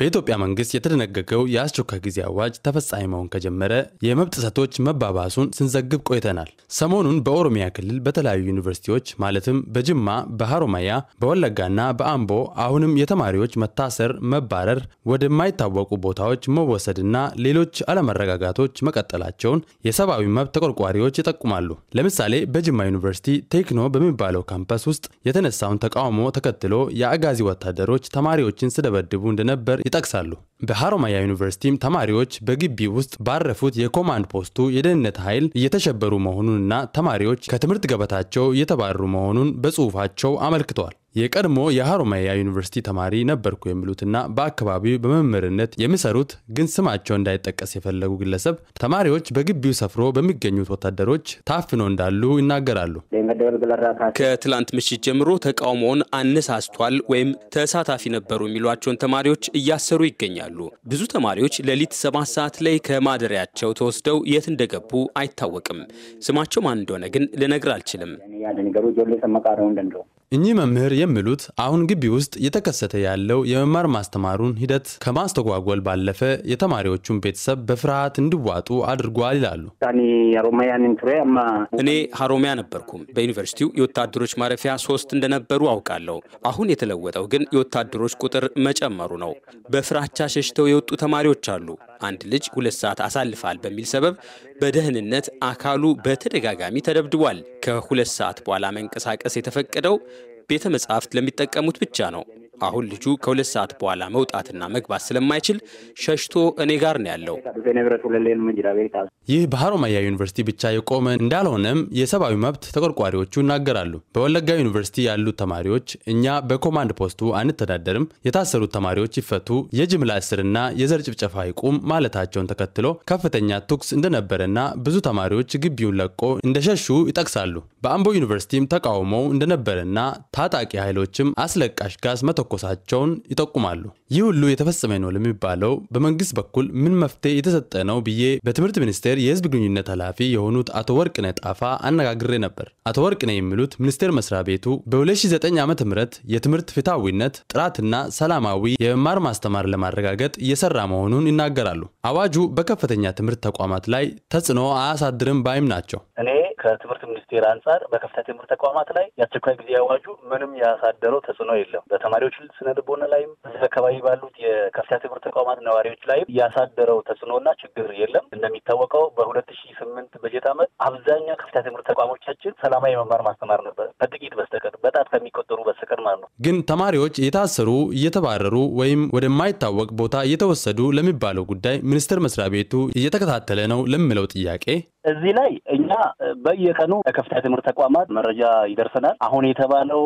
በኢትዮጵያ መንግስት የተደነገገው የአስቸኳይ ጊዜ አዋጅ ተፈጻሚ መሆን ከጀመረ የመብት ጥሰቶች መባባሱን ስንዘግብ ቆይተናል። ሰሞኑን በኦሮሚያ ክልል በተለያዩ ዩኒቨርሲቲዎች ማለትም በጅማ፣ በሀሮማያ፣ በወለጋና በአምቦ አሁንም የተማሪዎች መታሰር፣ መባረር፣ ወደማይታወቁ ቦታዎች መወሰድና ሌሎች አለመረጋጋቶች መቀጠላቸውን የሰብአዊ መብት ተቆርቋሪዎች ይጠቁማሉ። ለምሳሌ በጅማ ዩኒቨርሲቲ ቴክኖ በሚባለው ካምፐስ ውስጥ የተነሳውን ተቃውሞ ተከትሎ የአጋዚ ወታደሮች ተማሪዎችን ስደበድቡ እንደነበር ይጠቅሳሉ። በሐሮማያ ዩኒቨርሲቲም ተማሪዎች በግቢ ውስጥ ባረፉት የኮማንድ ፖስቱ የደህንነት ኃይል እየተሸበሩ መሆኑንና ተማሪዎች ከትምህርት ገበታቸው እየተባረሩ መሆኑን በጽሑፋቸው አመልክተዋል። የቀድሞ የሐሮማያ ዩኒቨርሲቲ ተማሪ ነበርኩ የሚሉትና በአካባቢው በመምህርነት የሚሰሩት ግን ስማቸው እንዳይጠቀስ የፈለጉ ግለሰብ ተማሪዎች በግቢው ሰፍሮ በሚገኙት ወታደሮች ታፍኖ እንዳሉ ይናገራሉ። ከትላንት ምሽት ጀምሮ ተቃውሞውን አነሳስቷል ወይም ተሳታፊ ነበሩ የሚሏቸውን ተማሪዎች እያሰሩ ይገኛሉ። ይናገራሉ። ብዙ ተማሪዎች ሌሊት ሰባት ሰዓት ላይ ከማደሪያቸው ተወስደው የት እንደገቡ አይታወቅም። ስማቸው ማን እንደሆነ ግን ልነግር አልችልም። እኚህ መምህር የሚሉት አሁን ግቢ ውስጥ እየተከሰተ ያለው የመማር ማስተማሩን ሂደት ከማስተጓጎል ባለፈ የተማሪዎቹን ቤተሰብ በፍርሃት እንዲዋጡ አድርጓል ይላሉ። እኔ ሀሮሚያ ነበርኩም። በዩኒቨርሲቲው የወታደሮች ማረፊያ ሶስት እንደነበሩ አውቃለሁ። አሁን የተለወጠው ግን የወታደሮች ቁጥር መጨመሩ ነው። በፍራቻ ሸሽተው የወጡ ተማሪዎች አሉ። አንድ ልጅ ሁለት ሰዓት አሳልፋል በሚል ሰበብ በደህንነት አካሉ በተደጋጋሚ ተደብድቧል። ከሁለት ሰዓት በኋላ መንቀሳቀስ የተፈቀደው ቤተ መጻሕፍት ለሚጠቀሙት ብቻ ነው። አሁን ልጁ ከሁለት ሰዓት በኋላ መውጣትና መግባት ስለማይችል ሸሽቶ እኔ ጋር ነው ያለው። ይህ በሀሮ ዩኒቨርሲቲ ብቻ የቆመ እንዳልሆነም የሰብአዊ መብት ተቆርቋሪዎቹ ይናገራሉ። በወለጋ ዩኒቨርሲቲ ያሉት ተማሪዎች እኛ በኮማንድ ፖስቱ አንተዳደርም፣ የታሰሩት ተማሪዎች ይፈቱ፣ የጅምላ እስርና የዘር ጭፍጨፋ ይቁም ማለታቸውን ተከትሎ ከፍተኛ ተኩስ እንደነበረና ብዙ ተማሪዎች ግቢውን ለቆ እንደሸሹ ይጠቅሳሉ። በአምቦ ዩኒቨርሲቲም ተቃውሞው እንደነበረና ታጣቂ ኃይሎችም አስለቃሽ ጋዝ መተኮ መተኮሳቸውን ይጠቁማሉ። ይህ ሁሉ የተፈጸመ ነው ለሚባለው በመንግስት በኩል ምን መፍትሄ የተሰጠ ነው ብዬ በትምህርት ሚኒስቴር የህዝብ ግንኙነት ኃላፊ የሆኑት አቶ ወርቅነ ጣፋ አነጋግሬ ነበር። አቶ ወርቅነ የሚሉት ሚኒስቴር መስሪያ ቤቱ በ2009 ዓ ም የትምህርት ፍትሐዊነት ጥራትና ሰላማዊ የመማር ማስተማር ለማረጋገጥ እየሰራ መሆኑን ይናገራሉ። አዋጁ በከፍተኛ ትምህርት ተቋማት ላይ ተጽዕኖ አያሳድርም ባይም ናቸው። ከትምህርት ሚኒስቴር አንጻር በከፍተኛ ትምህርት ተቋማት ላይ የአስቸኳይ ጊዜ አዋጁ ምንም ያሳደረው ተጽዕኖ የለም። በተማሪዎች ስነ ልቦና ላይም በዚህ አካባቢ ባሉት የከፍተኛ ትምህርት ተቋማት ነዋሪዎች ላይም ያሳደረው ተጽዕኖና ችግር የለም። እንደሚታወቀው በሁለት ሺ ስምንት በጀት ዓመት አብዛኛው ከፍተኛ ትምህርት ተቋሞቻችን ሰላማዊ መማር ማስተማር ነበር፣ በጥቂት በስተቀር በጣት ከሚቆጠሩ በስተቀር ማለት ነው። ግን ተማሪዎች የታሰሩ እየተባረሩ ወይም ወደማይታወቅ ቦታ እየተወሰዱ ለሚባለው ጉዳይ ሚኒስቴር መስሪያ ቤቱ እየተከታተለ ነው ለምለው ጥያቄ እዚህ ላይ እኛ በ በየቀኑ ከከፍተኛ ትምህርት ተቋማት መረጃ ይደርሰናል። አሁን የተባለው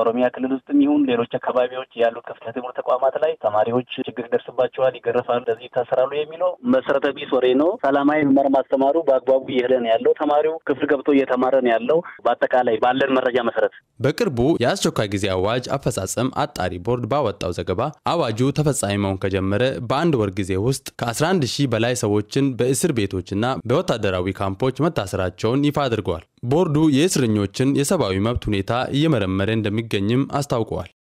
ኦሮሚያ ክልል ውስጥም ይሁን ሌሎች አካባቢዎች ያሉት ከፍተኛ ትምህርት ተቋማት ላይ ተማሪዎች ችግር ይደርስባቸዋል፣ ይገረፋሉ፣ እንደዚህ ይታሰራሉ የሚለው መሰረተ ቢስ ወሬ ነው። ሰላማዊ መማር ማስተማሩ በአግባቡ እየሄደ ነው ያለው። ተማሪው ክፍል ገብቶ እየተማረ ነው ያለው። በአጠቃላይ ባለን መረጃ መሰረት በቅርቡ የአስቸኳይ ጊዜ አዋጅ አፈጻጸም አጣሪ ቦርድ ባወጣው ዘገባ አዋጁ ተፈጻሚ መሆን ከጀመረ በአንድ ወር ጊዜ ውስጥ ከ11 ሺህ በላይ ሰዎችን በእስር ቤቶችና በወታደራዊ ካምፖች መታሰራቸውን ይፋ አድርገዋል። ቦርዱ የእስረኞችን የሰብአዊ መብት ሁኔታ እየመረመረ እንደሚገኝም አስታውቀዋል።